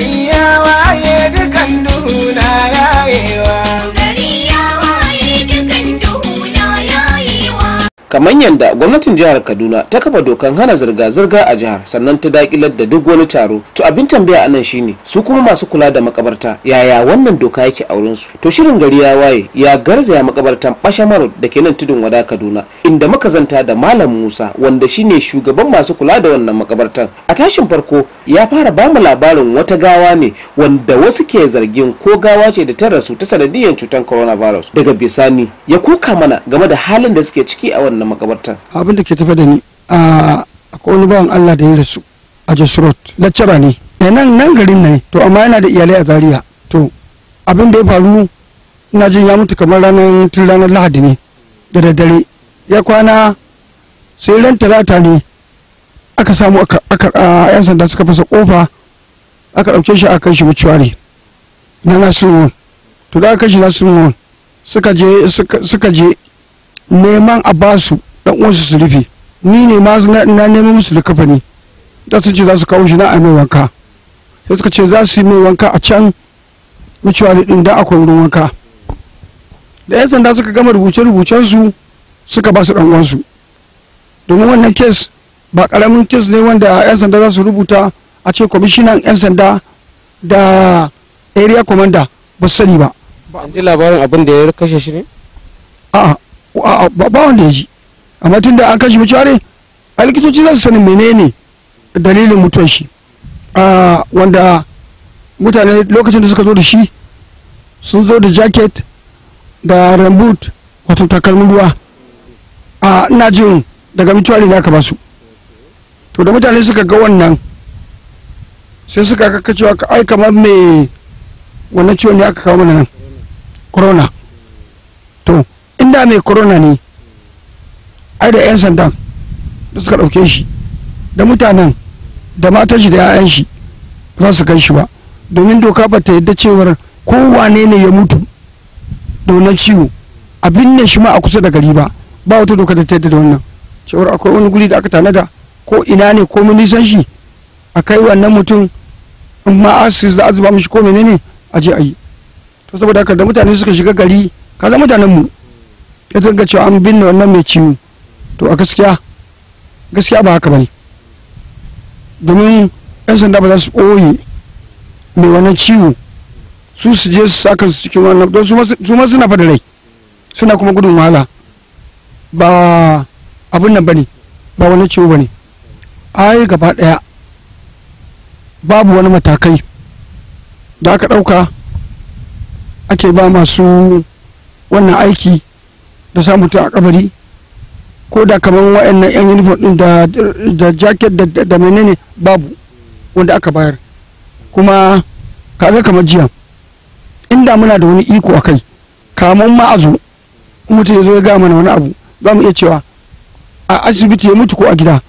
She kamar yadda gwamnatin jihar kaduna ta kafa dokan hana zirga-zirga a jihar sannan ta dakilar da duk wani taro to abin tambaya a nan shine su kuma masu kula da makabarta yaya wannan doka yake a su to shirin gari ya waye ya garzaya makabartan bashamaro da ke nan tudun wada kaduna inda muka zanta da malam musa wanda shine shugaban masu kula da wannan makabartan a tashin farko ya fara bamu labarin wata gawa ne wanda wasu ke zargin ko gawa ce da ta rasu ta sanadiyar cutar coronavirus daga bisani ya kuka mana game da halin da suke ciki a wannan wannan makabartar abin da ke tafe da ni a akwai wani bawan Allah da ya rasu a Jasrot lecturer ne nan nan garin ne to amma yana da iyalai a Zariya. to abin da ya faru ina jin ya mutu kamar ranar tun ranar Lahadi ne da daddare ya kwana sai ran talata ne aka samu aka yan sanda suka fasa kofa aka ɗauke shi a kan shi mucuwari na nasu to da aka shi nasu suka je suka je neman a basu dan uwansu su rufe ni ne ma na neman musu da kafani da sun ce za su kawo shi na a mai wanka sai suka ce za su yi mai wanka a can mutuwari din da akwai wurin wanka da yan sanda suka gama rubuce-rubucen su suka ba su dan uwansu domin wannan kes ba karamin kes ne wanda yan sanda za su rubuta a ce kwamishinan yan sanda da area commander ba sani ba. Ban ji labarin abin da ya kashe shi ne? A'a ba wanda ya ji amma tun da an kashe mace ware a likitoci za su sani menene dalilin mutuwar shi wanda mutane lokacin da suka zo da shi sun zo da jacket da rambut wato takalmin ruwa a ina jin daga mutuwar na ka ba su to da mutane suka ga wannan sai suka kakacewa ka aika kamar mai wannan ciwon ne aka kawo mana nan corona a mai corona ne ai da 'yan sandan da suka ɗauke shi da mutanen da matan shi da 'ya'yan shi za su kai shi ba domin doka ba ta yadda cewar kowane ne ya mutu donan ciwo abin ne shi ma a kusa da gari ba ba wata doka da ta yadda da wannan cewar akwai wani guri da aka tanada ko ina ne ko mun nisan shi a kai wannan mutum in ma asis da azuba mishi ko menene a je a yi to saboda haka da mutane suka shiga gari kaza mutanen mu ya tanga cewa an binne wannan mai ciwo to a gaskiya gaskiya ba haka bane domin yan sanda ba za su ɓoye mai wannan ciwo su su je su saka su cikin wannan don su ma suna fada rai suna kuma gudun wahala ba abin nan bane ba wani ciwo bane ai gaba daya babu wani matakai da aka dauka ake ba masu wannan aiki da sa mutum a kabari ko da kamar wa'annan yan uniform din da da jacket da da menene babu wanda aka bayar kuma kaga kamar jiya inda muna da wani iko akai kamar ma a zo ya zo ya ga mana wani abu za mu iya cewa a asibiti ya mutu ko a gida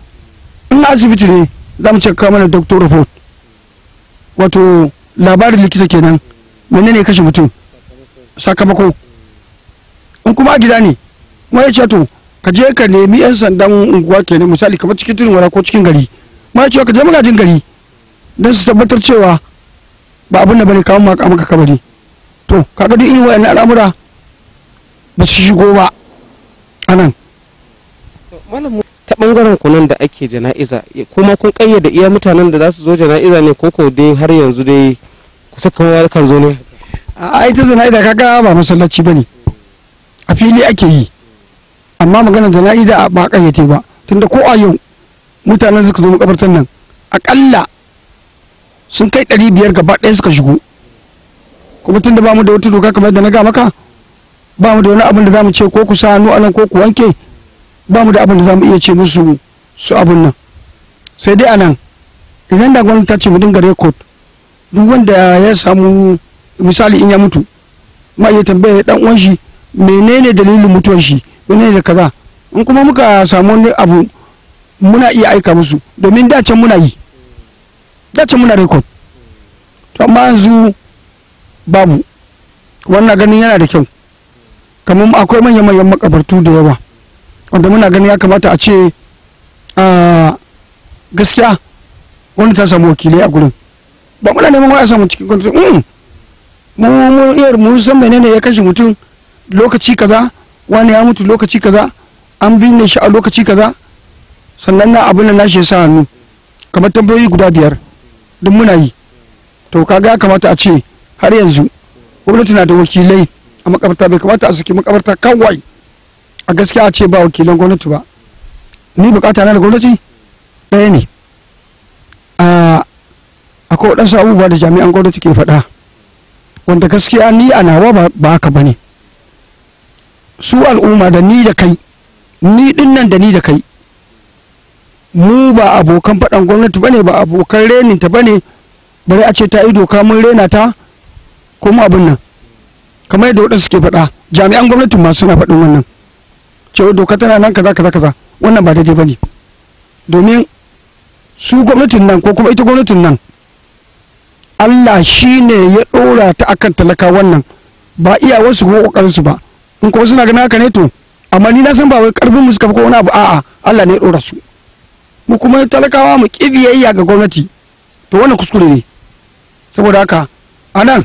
in asibiti ne za mu cika mana doctor report wato labarin likita kenan menene kashe mutum sakamako in kuma a gida ne ce to ka je ka nemi yan sandan unguwa kenan misali kamar cikin tirin wara ko cikin gari ce ka je magajin gari don su tabbatar cewa ba abin da bane kawo maka maka kabari to kaga duk irin wayannan al'amura ba su shigo ba anan ta bangaren kunan da ake jana'iza kuma kun kayyade iya mutanen da za su zo jana'iza ne ko ko dai har yanzu dai kusa kamar kan zo ne a ita jana'iza kaga ba masallaci bane a fili ake yi amma maganar na'ida ba a ƙayyace ba tunda ko a yau mutanen suka zo makabartar nan akalla sun kai ɗari biyar gaba ɗaya suka shigo kuma tunda ba mu da wata doka kamar da na ga maka ba mu da wani abin da za mu ce ko ku sa hannu anan ko ku wanke ba mu da abin da za mu iya ce musu su abin nan sai dai a nan idan da gwamnati ta ce mu dinga rekod duk wanda ya samu misali in ya mutu ma iya tambaya dan uwan shi menene dalilin mutuwar shi wani da kaza in kuma muka samu wani abu muna iya aika musu domin dacen muna yi dacen muna rekod to amma yanzu babu wannan ganin yana da kyau kamar akwai manyan manyan makabartu da yawa wanda muna ganin ya kamata a ce a gaskiya wani ta samu wakilai a gurin ba muna neman wani a cikin kwanci mm. mu mu iya mu san menene ya kashe mutum lokaci kaza wani ya mutu lokaci kaza an binne shi a lokaci kaza sannan na abin da nashi ya sa hannu kamar tambayoyi guda biyar duk muna yi to kaga ya kamata a ce har yanzu gwamnati na da wakilai a makabarta bai kamata a saki makabarta kawai a gaskiya a ce ba wakilan gwamnati ba ni bukata na da gwamnati ɗaya ne akwai waɗansu abubuwa da jami'an gwamnati ke faɗa wanda gaskiya ni a nawa ba haka ba ne su al'umma da ni da kai ni dinnan da ni da kai mu ba abokan faɗan gwamnati bane ba abokan reninta bane bari a ce ta yi doka mun rena ta kuma abin nan kamar yadda waɗansu ke faɗa jami'an gwamnatin ma suna faɗin wannan cewa doka tana nan kaza kaza kaza wannan ba daidai bane domin su gwamnatin nan ko kuma ita gwamnatin nan Allah shi ne ya ɗora ta akan talaka wannan ba wasu ko ƙoƙarinsu ba in kuma suna ganin haka ne to amma ni na san ba wai karfin mu suka fi ko wani abu a'a Allah ne ya dora su mu kuma talakawa mu ki biyayya ga gwamnati to wannan kuskure ne saboda haka anan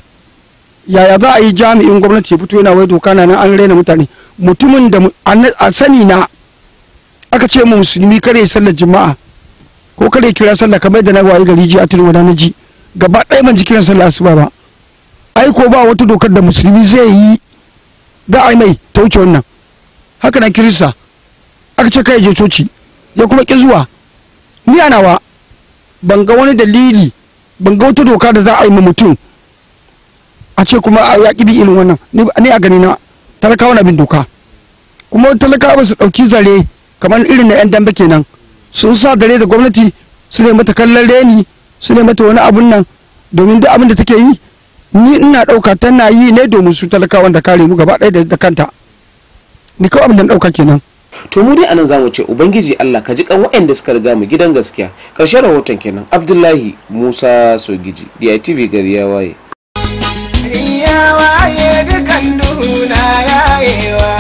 yaya za a yi jami'in gwamnati ya fito yana wai doka na an raina mutane mutumin da a sani na aka ce mu musulmi kare sallar juma'a ko kare kira sallah kamar da na wayi gari ji a turin wadana ji gaba ɗaya ban ji kiran sallah asuba ba ai ko ba wata dokar da musulmi zai yi za a mai ta wuce wannan haka nan kirista aka ce kai je coci ya kuma ki zuwa ni anawa ban ga wani dalili ban ga wata doka da za a yi ma mutum a ce kuma a yaƙi bi irin wannan ni a gani na talakawa na bin doka kuma talakawa ba su ɗauki zare kamar irin na 'yan dambe kenan sun sa dare da gwamnati su ne mata kallon reni su ne mata wani abun nan domin duk abin da take yi ni ina ɗauka tana yi ne domin su talakawan da kare mu gaba ɗaya da kanta ni kawai abin da ɗauka kenan to mu dai anan za mu ce ubangiji Allah ka ji kan waɗanda suka riga mu gidan gaskiya ƙarshen rahoton kenan abdullahi musa sogiji DITV gari ya waye ya waye dukan duna yayewa